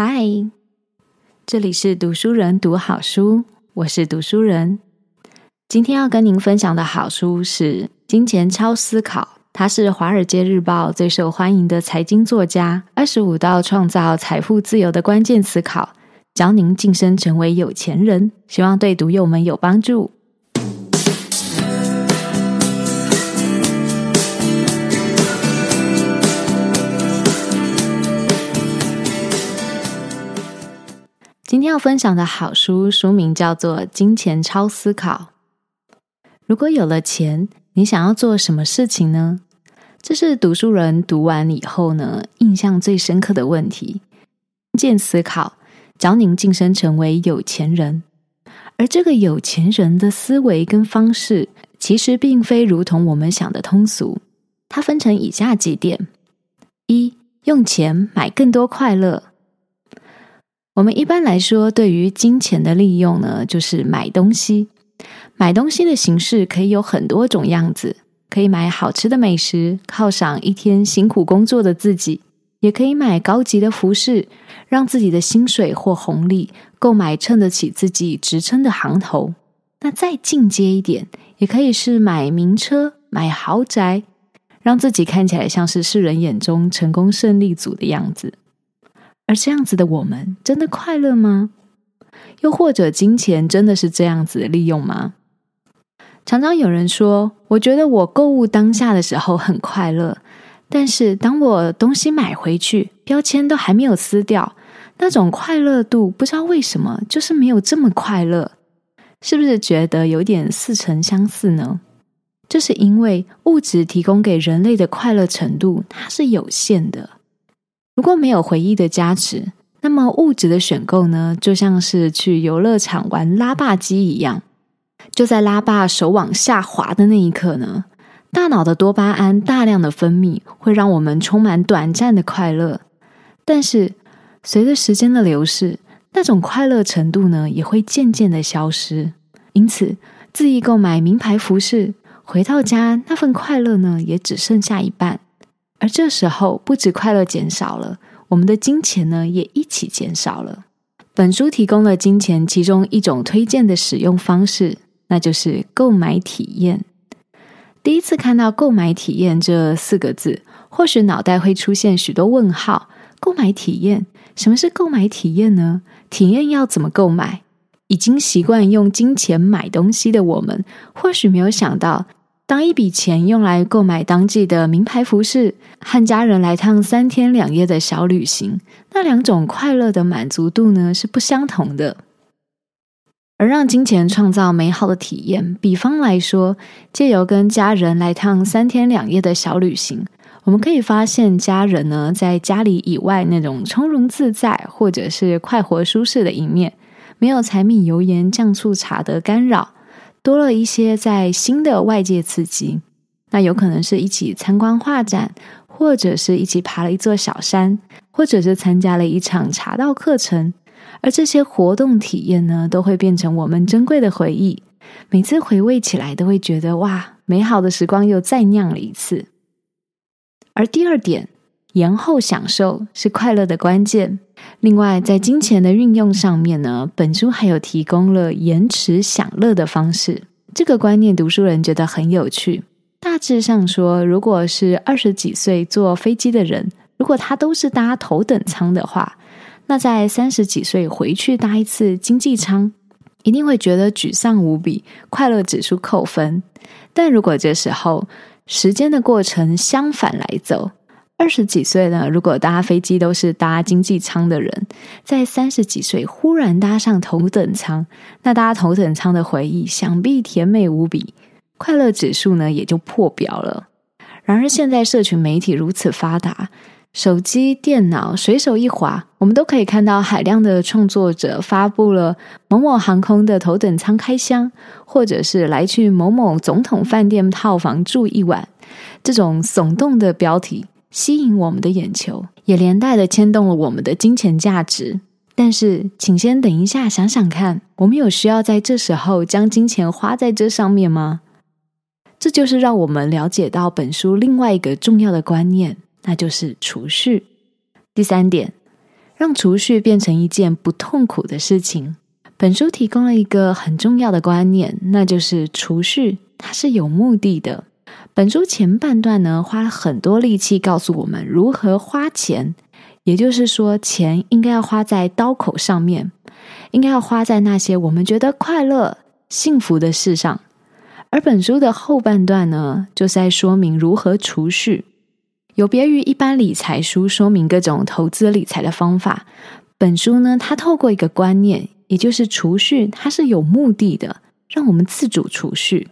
嗨，Hi 這裡是讀書人讀好書，我是讀書人。今天要跟您分享的好書是《金錢超思考》，它是《華爾街日報》最受歡迎的財經作家，二十五道創造財富自由的關鍵思考，教您晉升成為有錢人，希望對讀友們有幫助。今天要分享的好書，書名叫做《金錢超思考》。如果有了錢，你想要做什麼事情呢？這是讀書人讀完以後呢，印象最深刻的問題。關鍵思考：教您晉升成為有錢人，而這個有錢人的思維跟方式，其實並非如同我們想的通俗。它分成以下幾點：一、用錢買更多快樂。我們一般來說，對於金錢的利用呢，就是買東西。買東西的形式可以有很多種樣子，可以買好吃的美食，犒賞一天辛苦工作的自己；也可以買高級的服飾，讓自己的薪水或紅利購買稱得起自己職稱的行頭。那再進階一點，也可以是買名車、買豪宅，讓自己看起來像是世人眼中成功勝利組的樣子。而這樣子的我們，真的快樂嗎？又或者，金錢真的是這樣子的利用嗎？常常有人說：“我覺得我購物當下的時候很快樂，但是當我東西買回去，標籤都還沒有撕掉，那種快樂度不知道為什麼就是沒有這麼快樂。”是不是覺得有點似曾相似呢？就是因為物質提供給人類的快樂程度，它是有限的。如果沒有回憶的加持，那麼物質的選購呢，就像是去遊樂場玩拉霸機一樣。就在拉霸手往下滑的那一刻呢，大腦的多巴胺大量的分泌，會讓我們充滿短暫的快樂。但是，隨着時間的流逝，那種快樂程度呢，也會漸漸的消失。因此，恣意購買名牌服飾，回到家那份快樂呢，也只剩下一半。而這時候，不只快樂減少了，我們的金錢呢，也一起減少了。本書提供了金錢其中一種推薦的使用方式，那就是購買體驗。第一次看到“購買體驗”這四個字，或許腦袋會出現許多問號。購買體驗，什麼是購買體驗呢？體驗要怎麼購買？已經習慣用金錢買東西的我們，或許沒有想到。當一筆錢用來購買當季的名牌服飾，和家人來趟三天兩夜的小旅行，那兩種快樂的滿足度呢，是不相同的。而讓金錢創造美好的體驗，比方來說，借由跟家人來趟三天兩夜的小旅行，我們可以發現家人呢，在家裡以外那種從容自在，或者是快活舒適的一面，沒有柴米油鹽醬醋茶的干擾。多了一些在新的外界刺激，那有可能是一起參觀畫展，或者是一起爬了一座小山，或者是參加了一場茶道課程。而這些活動體驗呢，都會變成我們珍貴的回憶。每次回味起來，都會覺得哇，美好的時光又再釀了一次。而第二點，延後享受是快樂的關鍵。另外，在金錢的運用上面呢，本書還有提供了延遲享樂的方式。這個觀念，讀書人覺得很有趣。大致上說，如果是二十幾歲坐飛機的人，如果他都是搭頭等艙的話，那在三十幾歲回去搭一次經濟艙，一定會覺得沮喪無比，快樂指數扣分。但如果這時候時間的過程相反來走。二十幾歲呢？如果搭飛機都是搭經濟艙的人，在三十幾歲忽然搭上頭等艙，那搭頭等艙的回憶想必甜美無比，快樂指數呢也就破表了。然而現在社群媒體如此發達，手機、電腦隨手一滑，我們都可以看到海量的創作者發布了某某航空的頭等艙開箱，或者是來去某某總統飯店套房住一晚，這種聳動的標題吸引我們的眼球，也連帶的牽動了我們的金錢價值。但是，請先等一下，想想看，我們有需要在這時候將金錢花在這上面嗎？這就是讓我們了解到本書另外一個重要的觀念，那就是儲蓄。第三點，讓儲蓄變成一件不痛苦的事情。本書提供了一個很重要的觀念，那就是儲蓄它是有目的的。本書前半段呢，花了很多力氣告訴我們如何花錢，也就是說，錢應該要花在刀口上面，應該要花在那些我們覺得快樂、幸福的事上。而本書的後半段呢，就是在說明如何儲蓄。有別於一般理財書說明各種投資理財的方法，本書呢，它透過一個觀念，也就是儲蓄，它是有目的的，讓我們自主儲蓄。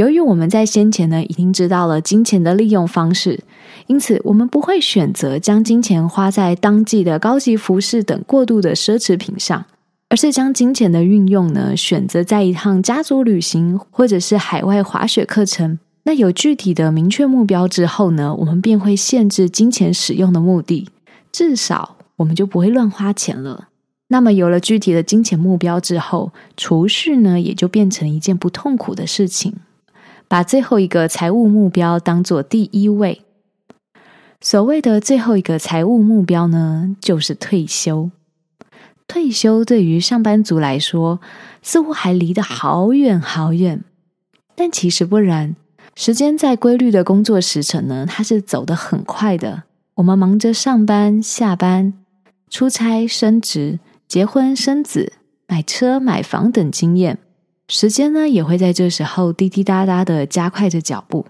由於我們在先前呢已經知道了金錢的利用方式，因此我們不會選擇將金錢花在當季的高級服飾等過度的奢侈品上，而是將金錢的運用呢選擇在一趟家族旅行或者是海外滑雪課程。那有具體的明確目標之後呢，我們便會限制金錢使用的目的，至少我們就不會亂花錢了。那麼有了具體的金錢目標之後，儲蓄呢也就變成一件不痛苦的事情。把最後一個財務目標當做第一位。所謂的最後一個財務目標呢，就是退休。退休對於上班族來說，似乎還離得好遠好遠，但其實不然。時間在規律的工作時辰呢，它是走得很快的。我們忙着上班、下班、出差、升職、結婚、生子、買車、買房等經驗。時間呢，也會在這時候滴滴答答的加快着腳步。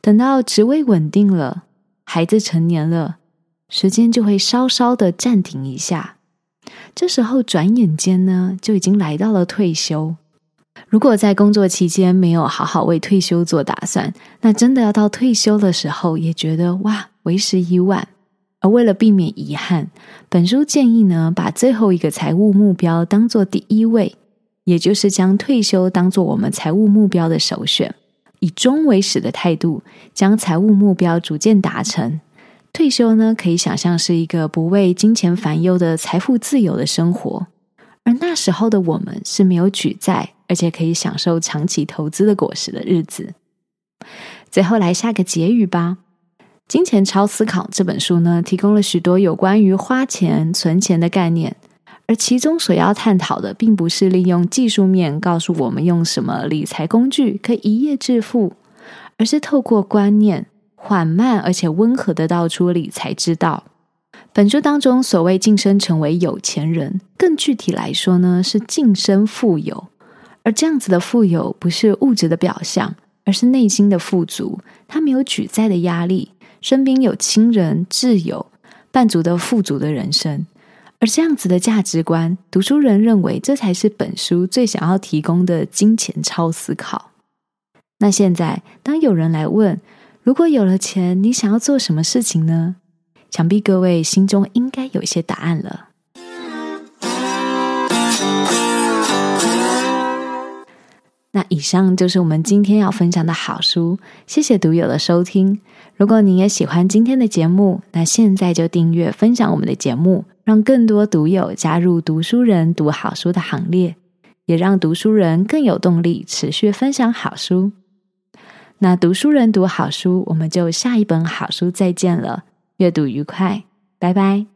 等到職位穩定了，孩子成年了，時間就會稍稍的暫停一下。這時候轉眼間呢，就已經來到了退休。如果在工作期間沒有好好為退休做打算，那真的要到退休的時候也覺得哇，為時已晚。而為了避免遺憾，本書建議呢，把最後一個財務目標當做第一位。也就是將退休當做我們財務目標的首選，以終為始的態度，將財務目標逐漸達成。退休呢，可以想象是一個不為金錢煩憂的財富自由的生活，而那時候的我們是沒有舉債，而且可以享受長期投資的果實的日子。最後來下個結語吧，《金錢超思考》這本書呢，提供了許多有關於花錢、存錢的概念。而其中所要探討的，並不是利用技術面告訴我們用什麼理財工具可以一夜致富，而是透過觀念緩慢而且溫和的道出理財之道。本書當中所謂晉升成為有錢人，更具體來說呢，是晉升富有。而這樣子的富有，不是物質的表象，而是內心的富足。他沒有舉債的壓力，身邊有親人、摯友，伴足的富足的人生。而這樣子的價值觀，讀書人認為這才是本書最想要提供的金錢超思考。那現在，當有人來問：“如果有了錢，你想要做什麼事情呢？”想必各位心中應該有一些答案了。 那以上就是我們今天要分享的好書，謝謝讀友的收聽。如果你也喜歡今天的節目，那現在就訂閱分享我們的節目。讓更多讀友加入讀書人讀好書的行列，也讓讀書人更有動力持續分享好書。那讀書人讀好書，我們就下一本好書再見了。閱讀愉快，拜拜。